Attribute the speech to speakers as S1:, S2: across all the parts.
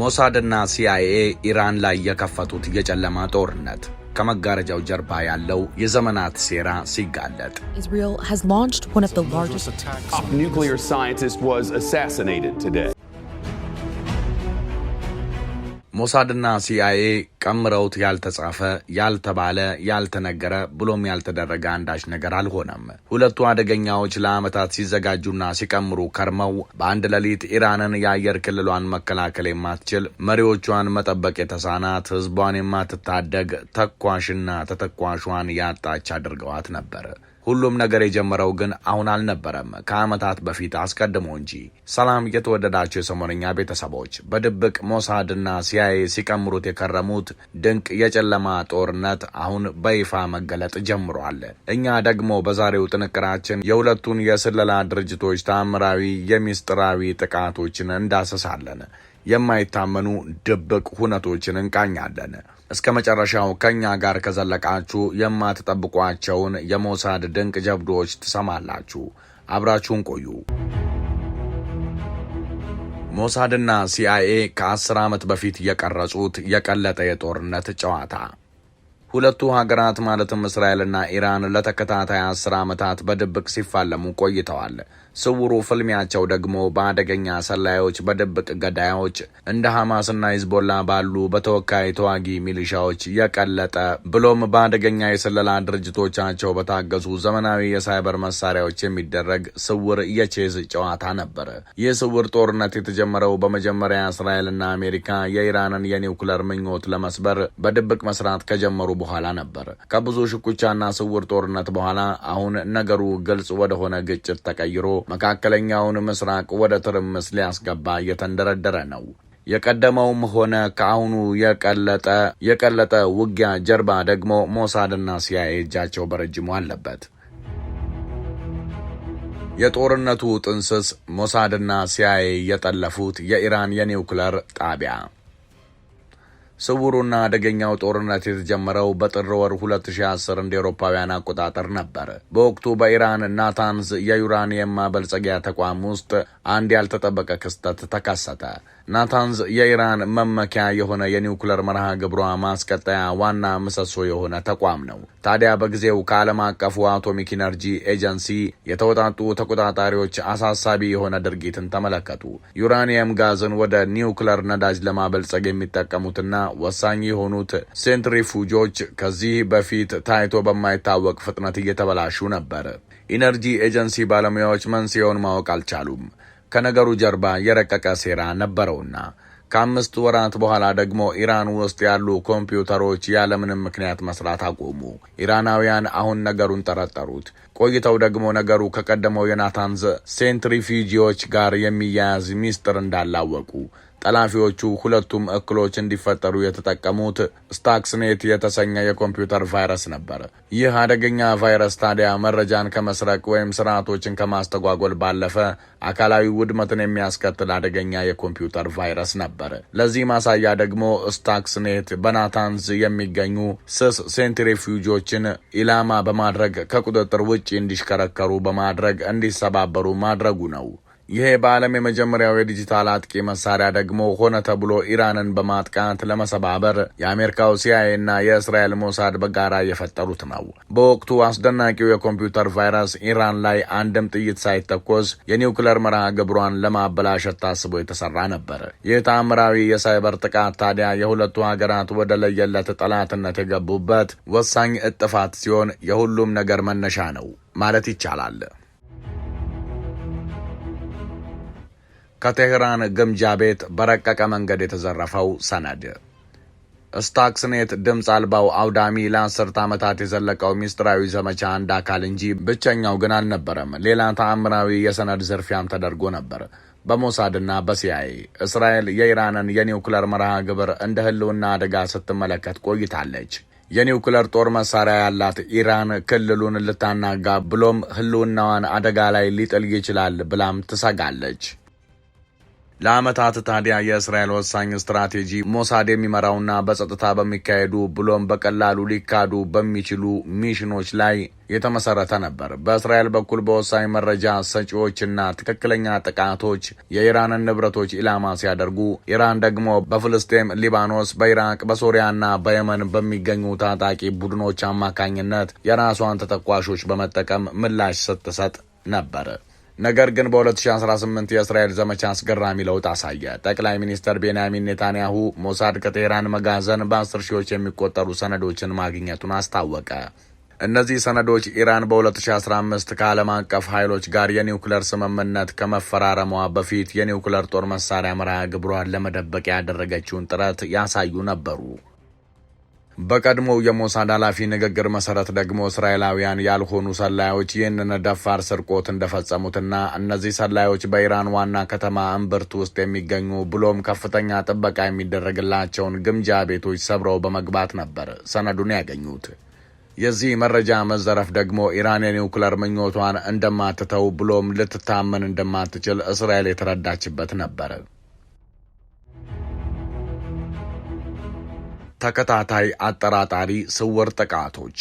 S1: ሞሳድና ሲአይኤ ኢራን ላይ የከፈቱት የጨለማ ጦርነት ከመጋረጃው ጀርባ ያለው የዘመናት ሴራ ሲጋለጥ ሞሳድና ሲአይኤ ቀምረውት ያልተጻፈ ያልተባለ ያልተነገረ ብሎም ያልተደረገ አንዳች ነገር አልሆነም። ሁለቱ አደገኛዎች ለዓመታት ሲዘጋጁና ሲቀምሩ ከርመው በአንድ ሌሊት ኢራንን የአየር ክልሏን መከላከል የማትችል መሪዎቿን መጠበቅ የተሳናት ህዝቧን የማትታደግ ተኳሽና ተተኳሿን ያጣች አድርገዋት ነበር። ሁሉም ነገር የጀመረው ግን አሁን አልነበረም፣ ከዓመታት በፊት አስቀድሞ እንጂ። ሰላም የተወደዳቸው የሰሞነኛ ቤተሰቦች፣ በድብቅ ሞሳድና ሲአይኤ ሲቀምሩት የከረሙት ድንቅ የጨለማ ጦርነት አሁን በይፋ መገለጥ ጀምሯል። እኛ ደግሞ በዛሬው ጥንቅራችን የሁለቱን የስለላ ድርጅቶች ታምራዊ የሚስጥራዊ ጥቃቶችን እንዳሰሳለን። የማይታመኑ ድብቅ ሁነቶችን እንቃኛለን። እስከ መጨረሻው ከእኛ ጋር ከዘለቃችሁ የማትጠብቋቸውን የሞሳድ ድንቅ ጀብዶዎች ትሰማላችሁ። አብራችሁን ቆዩ። ሞሳድና ሲአይኤ ከአስር ዓመት በፊት የቀረጹት የቀለጠ የጦርነት ጨዋታ ሁለቱ ሀገራት ማለትም እስራኤልና ኢራን ለተከታታይ አስር ዓመታት በድብቅ ሲፋለሙ ቆይተዋል። ስውሩ ፍልሚያቸው ደግሞ በአደገኛ ሰላዮች፣ በድብቅ ገዳዮች እንደ ሐማስና ሂዝቦላ ባሉ በተወካይ ተዋጊ ሚሊሻዎች የቀለጠ ብሎም በአደገኛ የስለላ ድርጅቶቻቸው በታገዙ ዘመናዊ የሳይበር መሳሪያዎች የሚደረግ ስውር የቼዝ ጨዋታ ነበር። ይህ ስውር ጦርነት የተጀመረው በመጀመሪያ እስራኤልና አሜሪካ የኢራንን የኒውክለር ምኞት ለመስበር በድብቅ መስራት ከጀመሩ በኋላ ነበር። ከብዙ ሽኩቻና ስውር ጦርነት በኋላ አሁን ነገሩ ግልጽ ወደሆነ ግጭት ተቀይሮ መካከለኛውን ምስራቅ ወደ ትርምስ ሊያስገባ እየተንደረደረ ነው። የቀደመውም ሆነ ከአሁኑ የቀለጠ የቀለጠ ውጊያ ጀርባ ደግሞ ሞሳድና ሲያኤ እጃቸው በረጅሙ አለበት። የጦርነቱ ጥንስስ ሞሳድና ሲያኤ የጠለፉት የኢራን የኒውክለር ጣቢያ ስውሩና አደገኛው ጦርነት የተጀመረው በጥር ወር 2010 እንደ ኤሮፓውያን አቆጣጠር ነበር። በወቅቱ በኢራን ናታንዝ የዩራኒየም ማበልጸጊያ ተቋም ውስጥ አንድ ያልተጠበቀ ክስተት ተከሰተ። ናታንዝ የኢራን መመኪያ የሆነ የኒውክለር መርሃ ግብሯ ማስቀጠያ ዋና ምሰሶ የሆነ ተቋም ነው። ታዲያ በጊዜው ከዓለም አቀፉ አቶሚክ ኢነርጂ ኤጀንሲ የተወጣጡ ተቆጣጣሪዎች አሳሳቢ የሆነ ድርጊትን ተመለከቱ። ዩራኒየም ጋዝን ወደ ኒውክለር ነዳጅ ለማበልጸግ የሚጠቀሙትና ወሳኝ የሆኑት ሴንትሪፉጆች ከዚህ በፊት ታይቶ በማይታወቅ ፍጥነት እየተበላሹ ነበር። ኢነርጂ ኤጀንሲ ባለሙያዎች መንስኤውን ማወቅ አልቻሉም። ከነገሩ ጀርባ የረቀቀ ሴራ ነበረውና ከአምስት ወራት በኋላ ደግሞ ኢራን ውስጥ ያሉ ኮምፒውተሮች ያለምንም ምክንያት መስራት አቆሙ። ኢራናውያን አሁን ነገሩን ጠረጠሩት። ቆይተው ደግሞ ነገሩ ከቀደመው የናታንዝ ሴንትሪፊጂዎች ጋር የሚያያዝ ሚስጥር እንዳላወቁ ጠላፊዎቹ ሁለቱም እክሎች እንዲፈጠሩ የተጠቀሙት ስታክስኔት የተሰኘ የኮምፒውተር ቫይረስ ነበር። ይህ አደገኛ ቫይረስ ታዲያ መረጃን ከመስረቅ ወይም ስርዓቶችን ከማስተጓጎል ባለፈ አካላዊ ውድመትን የሚያስከትል አደገኛ የኮምፒውተር ቫይረስ ነበር። ለዚህ ማሳያ ደግሞ ስታክስኔት በናታንዝ የሚገኙ ስስ ሴንትሪፊውጆችን ኢላማ በማድረግ ከቁጥጥር ውጭ እንዲሽከረከሩ በማድረግ እንዲሰባበሩ ማድረጉ ነው። ይሄ በዓለም የመጀመሪያው የዲጂታል አጥቂ መሳሪያ ደግሞ ሆነ ተብሎ ኢራንን በማጥቃት ለመሰባበር የአሜሪካው ሲአይኤ እና የእስራኤል ሞሳድ በጋራ የፈጠሩት ነው። በወቅቱ አስደናቂው የኮምፒውተር ቫይረስ ኢራን ላይ አንድም ጥይት ሳይተኮስ የኒውክለር መርሃ ግብሯን ለማበላሸት ታስቦ የተሰራ ነበር። ይህ ተአምራዊ የሳይበር ጥቃት ታዲያ የሁለቱ ሀገራት ወደ ለየለት ጠላትነት የገቡበት ወሳኝ እጥፋት ሲሆን የሁሉም ነገር መነሻ ነው ማለት ይቻላል። ከቴህራን ግምጃ ቤት በረቀቀ መንገድ የተዘረፈው ሰነድ ስታክስኔት ድምፅ አልባው አውዳሚ ለአስርተ ዓመታት የዘለቀው ሚስጥራዊ ዘመቻ አንድ አካል እንጂ ብቸኛው ግን አልነበረም። ሌላ ተአምራዊ የሰነድ ዝርፊያም ተደርጎ ነበር። በሞሳድና በሲአይኤ እስራኤል የኢራንን የኒውክለር መርሃ ግብር እንደ ህልውና አደጋ ስትመለከት ቆይታለች። የኒውክለር ጦር መሳሪያ ያላት ኢራን ክልሉን ልታናጋ ብሎም ህልውናዋን አደጋ ላይ ሊጥል ይችላል ብላም ትሰጋለች። ለአመታት ታዲያ የእስራኤል ወሳኝ ስትራቴጂ ሞሳድ የሚመራውና በጸጥታ በሚካሄዱ ብሎም በቀላሉ ሊካዱ በሚችሉ ሚሽኖች ላይ የተመሰረተ ነበር። በእስራኤል በኩል በወሳኝ መረጃ ሰጪዎችና ትክክለኛ ጥቃቶች የኢራንን ንብረቶች ኢላማ ሲያደርጉ፣ ኢራን ደግሞ በፍልስጤም፣ ሊባኖስ፣ በኢራቅ፣ በሶሪያና በየመን በሚገኙ ታጣቂ ቡድኖች አማካኝነት የራሷን ተተኳሾች በመጠቀም ምላሽ ስትሰጥ ነበር። ነገር ግን በ2018 የእስራኤል ዘመቻ አስገራሚ ለውጥ አሳየ። ጠቅላይ ሚኒስትር ቤንያሚን ኔታንያሁ ሞሳድ ከቴህራን መጋዘን በአስር ሺዎች የሚቆጠሩ ሰነዶችን ማግኘቱን አስታወቀ። እነዚህ ሰነዶች ኢራን በ2015 ከዓለም አቀፍ ኃይሎች ጋር የኒውክለር ስምምነት ከመፈራረሟ በፊት የኒውክለር ጦር መሳሪያ መርሃ ግብሯን ለመደበቅ ያደረገችውን ጥረት ያሳዩ ነበሩ። በቀድሞው የሞሳድ ኃላፊ ንግግር መሰረት ደግሞ እስራኤላውያን ያልሆኑ ሰላዮች ይህንን ደፋር ስርቆት እንደፈጸሙትና እነዚህ ሰላዮች በኢራን ዋና ከተማ እምብርት ውስጥ የሚገኙ ብሎም ከፍተኛ ጥበቃ የሚደረግላቸውን ግምጃ ቤቶች ሰብረው በመግባት ነበር ሰነዱን ያገኙት። የዚህ መረጃ መዘረፍ ደግሞ ኢራን የኒውክለር ምኞቷን እንደማትተው ብሎም ልትታመን እንደማትችል እስራኤል የተረዳችበት ነበር። ተከታታይ አጠራጣሪ ስውር ጥቃቶች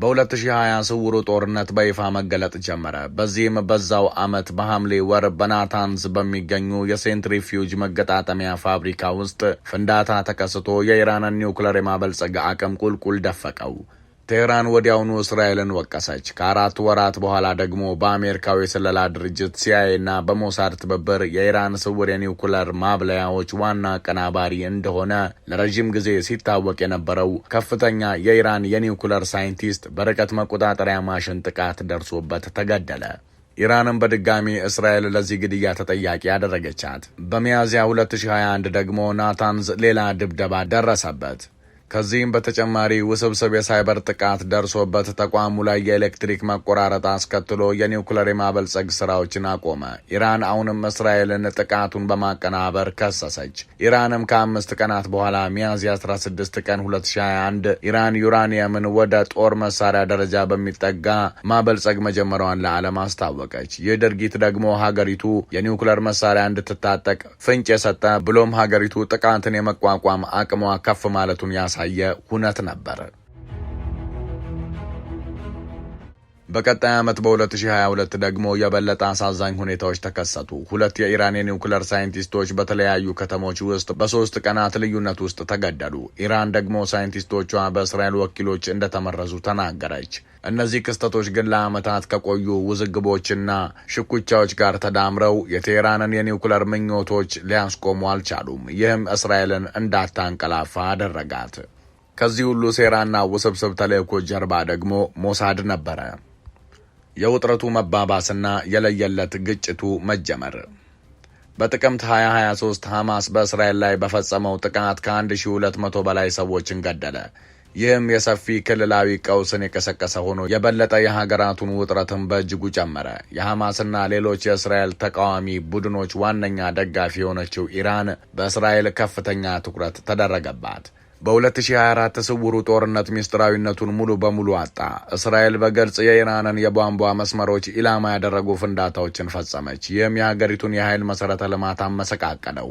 S1: በ2020 ስውሩ ጦርነት በይፋ መገለጥ ጀመረ። በዚህም በዛው ዓመት በሐምሌ ወር በናታንዝ በሚገኙ የሴንትሪፊውጅ መገጣጠሚያ ፋብሪካ ውስጥ ፍንዳታ ተከስቶ የኢራንን ኒውክለር የማበልጸግ አቅም ቁልቁል ደፈቀው። ቴህራን ወዲያውኑ እስራኤልን ወቀሰች። ከአራት ወራት በኋላ ደግሞ በአሜሪካዊ የስለላ ድርጅት ሲአይኤ እና በሞሳድ ትብብር የኢራን ስውር የኒውክለር ማብለያዎች ዋና አቀናባሪ እንደሆነ ለረዥም ጊዜ ሲታወቅ የነበረው ከፍተኛ የኢራን የኒውክለር ሳይንቲስት በርቀት መቆጣጠሪያ ማሽን ጥቃት ደርሶበት ተገደለ። ኢራንን በድጋሚ እስራኤል ለዚህ ግድያ ተጠያቂ ያደረገቻት። በሚያዝያ 2021 ደግሞ ናታንዝ ሌላ ድብደባ ደረሰበት። ከዚህም በተጨማሪ ውስብስብ የሳይበር ጥቃት ደርሶበት ተቋሙ ላይ የኤሌክትሪክ መቆራረጥ አስከትሎ የኒውክለር የማበልጸግ ስራዎችን አቆመ። ኢራን አሁንም እስራኤልን ጥቃቱን በማቀናበር ከሰሰች። ኢራንም ከአምስት ቀናት በኋላ ሚያዝያ 16 ቀን 2021 ኢራን ዩራኒየምን ወደ ጦር መሳሪያ ደረጃ በሚጠጋ ማበልጸግ መጀመሪያዋን ለዓለም አስታወቀች። ይህ ድርጊት ደግሞ ሀገሪቱ የኒውክለር መሳሪያ እንድትታጠቅ ፍንጭ የሰጠ ብሎም ሀገሪቱ ጥቃትን የመቋቋም አቅሟ ከፍ ማለቱን ያሳ ያሳየ ሁነት ነበር። በቀጣይ ዓመት በ2022 ደግሞ የበለጠ አሳዛኝ ሁኔታዎች ተከሰቱ። ሁለት የኢራን የኒውክለር ሳይንቲስቶች በተለያዩ ከተሞች ውስጥ በሶስት ቀናት ልዩነት ውስጥ ተገደሉ። ኢራን ደግሞ ሳይንቲስቶቿ በእስራኤል ወኪሎች እንደተመረዙ ተናገረች። እነዚህ ክስተቶች ግን ለዓመታት ከቆዩ ውዝግቦችና ሽኩቻዎች ጋር ተዳምረው የቴህራንን የኒውክለር ምኞቶች ሊያስቆሙ አልቻሉም። ይህም እስራኤልን እንዳታንቀላፋ አደረጋት። ከዚህ ሁሉ ሴራና ውስብስብ ተልእኮች ጀርባ ደግሞ ሞሳድ ነበረ። የውጥረቱ መባባስና የለየለት ግጭቱ መጀመር በጥቅምት 2023 ሐማስ በእስራኤል ላይ በፈጸመው ጥቃት ከ1200 በላይ ሰዎችን ገደለ። ይህም የሰፊ ክልላዊ ቀውስን የቀሰቀሰ ሆኖ የበለጠ የሀገራቱን ውጥረትን በእጅጉ ጨመረ። የሐማስና ሌሎች የእስራኤል ተቃዋሚ ቡድኖች ዋነኛ ደጋፊ የሆነችው ኢራን በእስራኤል ከፍተኛ ትኩረት ተደረገባት። በ2024 ስውሩ ጦርነት ሚስጥራዊነቱን ሙሉ በሙሉ አጣ። እስራኤል በግልጽ የኢራንን የቧንቧ መስመሮች ኢላማ ያደረጉ ፍንዳታዎችን ፈጸመች። ይህም የሀገሪቱን የኃይል መሠረተ ልማት አመሰቃቀለው።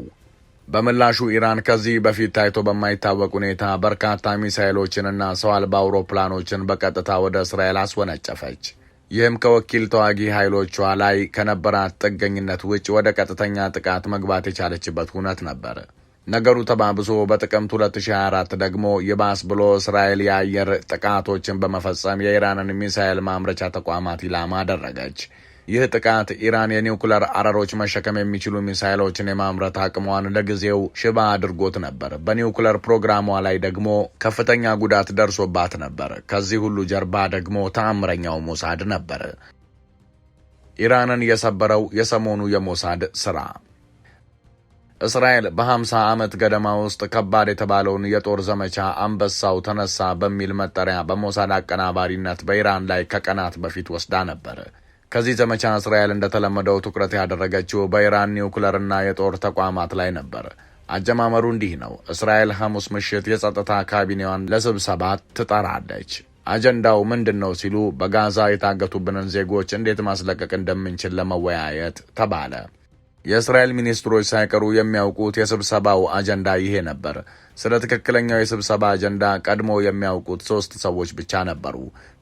S1: በምላሹ ኢራን ከዚህ በፊት ታይቶ በማይታወቅ ሁኔታ በርካታ ሚሳይሎችንና ሰው አልባ አውሮፕላኖችን በቀጥታ ወደ እስራኤል አስወነጨፈች። ይህም ከወኪል ተዋጊ ኃይሎቿ ላይ ከነበራት ጥገኝነት ውጭ ወደ ቀጥተኛ ጥቃት መግባት የቻለችበት እውነት ነበር። ነገሩ ተባብሶ በጥቅምት 2024 ደግሞ የባስ ብሎ እስራኤል የአየር ጥቃቶችን በመፈጸም የኢራንን ሚሳኤል ማምረቻ ተቋማት ኢላማ አደረገች። ይህ ጥቃት ኢራን የኒውክለር አረሮች መሸከም የሚችሉ ሚሳይሎችን የማምረት አቅሟን ለጊዜው ሽባ አድርጎት ነበር። በኒውክለር ፕሮግራሟ ላይ ደግሞ ከፍተኛ ጉዳት ደርሶባት ነበር። ከዚህ ሁሉ ጀርባ ደግሞ ተአምረኛው ሞሳድ ነበር። ኢራንን የሰበረው የሰሞኑ የሞሳድ ስራ እስራኤል በ50 ዓመት ገደማ ውስጥ ከባድ የተባለውን የጦር ዘመቻ አንበሳው ተነሳ በሚል መጠሪያ በሞሳድ አቀናባሪነት በኢራን ላይ ከቀናት በፊት ወስዳ ነበር። ከዚህ ዘመቻ እስራኤል እንደተለመደው ትኩረት ያደረገችው በኢራን ኒውክለርና የጦር ተቋማት ላይ ነበር። አጀማመሩ እንዲህ ነው። እስራኤል ሐሙስ ምሽት የጸጥታ ካቢኔዋን ለስብሰባ ትጠራለች። አጀንዳው ምንድን ነው ሲሉ በጋዛ የታገቱብንን ዜጎች እንዴት ማስለቀቅ እንደምንችል ለመወያየት ተባለ። የእስራኤል ሚኒስትሮች ሳይቀሩ የሚያውቁት የስብሰባው አጀንዳ ይሄ ነበር። ስለ ትክክለኛው የስብሰባ አጀንዳ ቀድሞ የሚያውቁት ሶስት ሰዎች ብቻ ነበሩ።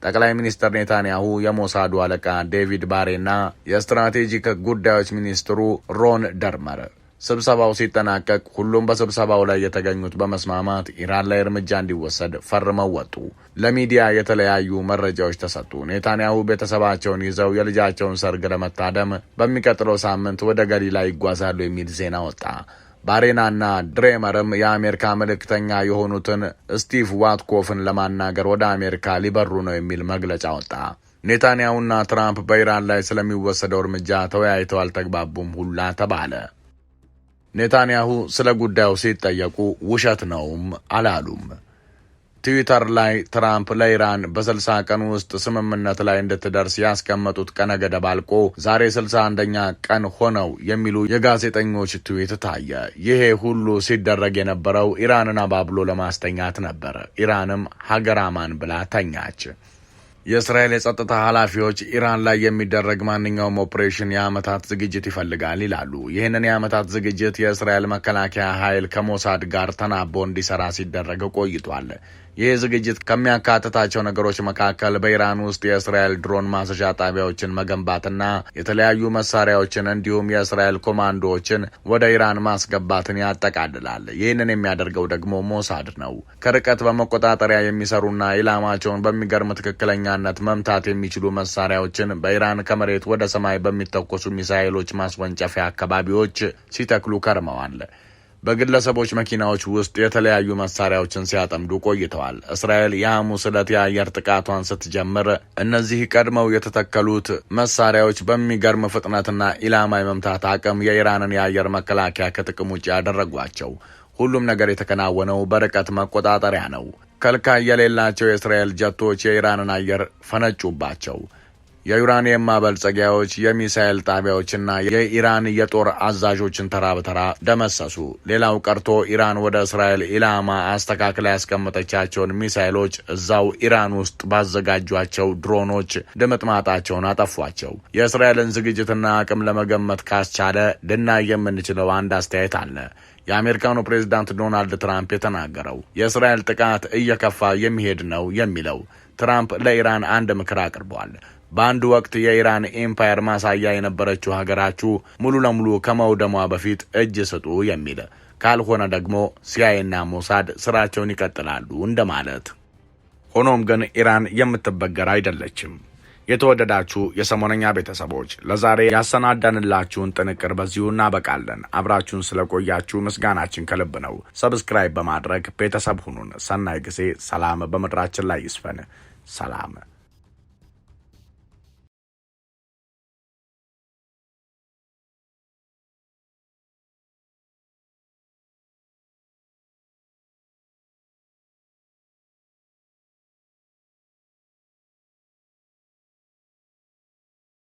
S1: ጠቅላይ ሚኒስትር ኔታንያሁ፣ የሞሳዱ አለቃ ዴቪድ ባሬና የስትራቴጂክ ጉዳዮች ሚኒስትሩ ሮን ደርመር። ስብሰባው ሲጠናቀቅ ሁሉም በስብሰባው ላይ የተገኙት በመስማማት ኢራን ላይ እርምጃ እንዲወሰድ ፈርመው ወጡ። ለሚዲያ የተለያዩ መረጃዎች ተሰጡ። ኔታንያሁ ቤተሰባቸውን ይዘው የልጃቸውን ሰርግ ለመታደም በሚቀጥለው ሳምንት ወደ ገሊላ ይጓዛሉ የሚል ዜና ወጣ። ባሬናና ድሬመርም የአሜሪካ መልእክተኛ የሆኑትን ስቲቭ ዋትኮፍን ለማናገር ወደ አሜሪካ ሊበሩ ነው የሚል መግለጫ ወጣ። ኔታንያሁና ትራምፕ በኢራን ላይ ስለሚወሰደው እርምጃ ተወያይተው አልተግባቡም ሁላ ተባለ። ኔታንያሁ ስለ ጉዳዩ ሲጠየቁ ውሸት ነውም አላሉም። ትዊተር ላይ ትራምፕ ለኢራን በስልሳ ቀን ውስጥ ስምምነት ላይ እንድትደርስ ያስቀመጡት ቀነ ገደብ አልቆ ዛሬ 61ኛ ቀን ሆነው የሚሉ የጋዜጠኞች ትዊት ታየ። ይሄ ሁሉ ሲደረግ የነበረው ኢራንን አባብሎ ለማስተኛት ነበር። ኢራንም ሀገር አማን ብላ ተኛች። የእስራኤል የጸጥታ ኃላፊዎች ኢራን ላይ የሚደረግ ማንኛውም ኦፕሬሽን የአመታት ዝግጅት ይፈልጋል ይላሉ። ይህንን የአመታት ዝግጅት የእስራኤል መከላከያ ኃይል ከሞሳድ ጋር ተናቦ እንዲሰራ ሲደረግ ቆይቷል። ይህ ዝግጅት ከሚያካትታቸው ነገሮች መካከል በኢራን ውስጥ የእስራኤል ድሮን ማሰሻ ጣቢያዎችን መገንባትና የተለያዩ መሳሪያዎችን እንዲሁም የእስራኤል ኮማንዶዎችን ወደ ኢራን ማስገባትን ያጠቃልላል። ይህንን የሚያደርገው ደግሞ ሞሳድ ነው። ከርቀት በመቆጣጠሪያ የሚሰሩና ኢላማቸውን በሚገርም ትክክለኛነት መምታት የሚችሉ መሳሪያዎችን በኢራን ከመሬት ወደ ሰማይ በሚተኮሱ ሚሳይሎች ማስወንጨፊያ አካባቢዎች ሲተክሉ ከርመዋል። በግለሰቦች መኪናዎች ውስጥ የተለያዩ መሳሪያዎችን ሲያጠምዱ ቆይተዋል። እስራኤል የሐሙስ ዕለት የአየር ጥቃቷን ስትጀምር እነዚህ ቀድመው የተተከሉት መሳሪያዎች በሚገርም ፍጥነትና ኢላማ የመምታት አቅም የኢራንን የአየር መከላከያ ከጥቅም ውጭ ያደረጓቸው። ሁሉም ነገር የተከናወነው በርቀት መቆጣጠሪያ ነው። ከልካይ የሌላቸው የእስራኤል ጀቶች የኢራንን አየር ፈነጩባቸው። የዩራኒየም ማበልጸጊያዎች፣ የሚሳኤል ጣቢያዎችና የኢራን የጦር አዛዦችን ተራ በተራ ደመሰሱ። ሌላው ቀርቶ ኢራን ወደ እስራኤል ኢላማ አስተካክላ ያስቀመጠቻቸውን ሚሳኤሎች እዛው ኢራን ውስጥ ባዘጋጇቸው ድሮኖች ድምጥማጣቸውን አጠፏቸው። የእስራኤልን ዝግጅትና አቅም ለመገመት ካስቻለ ልናይ የምንችለው አንድ አስተያየት አለ። የአሜሪካኑ ፕሬዚዳንት ዶናልድ ትራምፕ የተናገረው የእስራኤል ጥቃት እየከፋ የሚሄድ ነው የሚለው ትራምፕ ለኢራን አንድ ምክር አቅርበዋል። በአንድ ወቅት የኢራን ኤምፓየር ማሳያ የነበረችው ሀገራችሁ ሙሉ ለሙሉ ከመውደሟ በፊት እጅ ስጡ የሚል ካልሆነ ደግሞ ሲአይኤና ሞሳድ ስራቸውን ይቀጥላሉ እንደማለት። ሆኖም ግን ኢራን የምትበገር አይደለችም። የተወደዳችሁ የሰሞነኛ ቤተሰቦች ለዛሬ ያሰናዳንላችሁን ጥንቅር በዚሁ እናበቃለን። አብራችሁን ስለቆያችሁ ምስጋናችን ከልብ ነው። ሰብስክራይብ በማድረግ ቤተሰብ ሁኑን። ሰናይ ጊዜ። ሰላም በምድራችን ላይ ይስፈን። ሰላም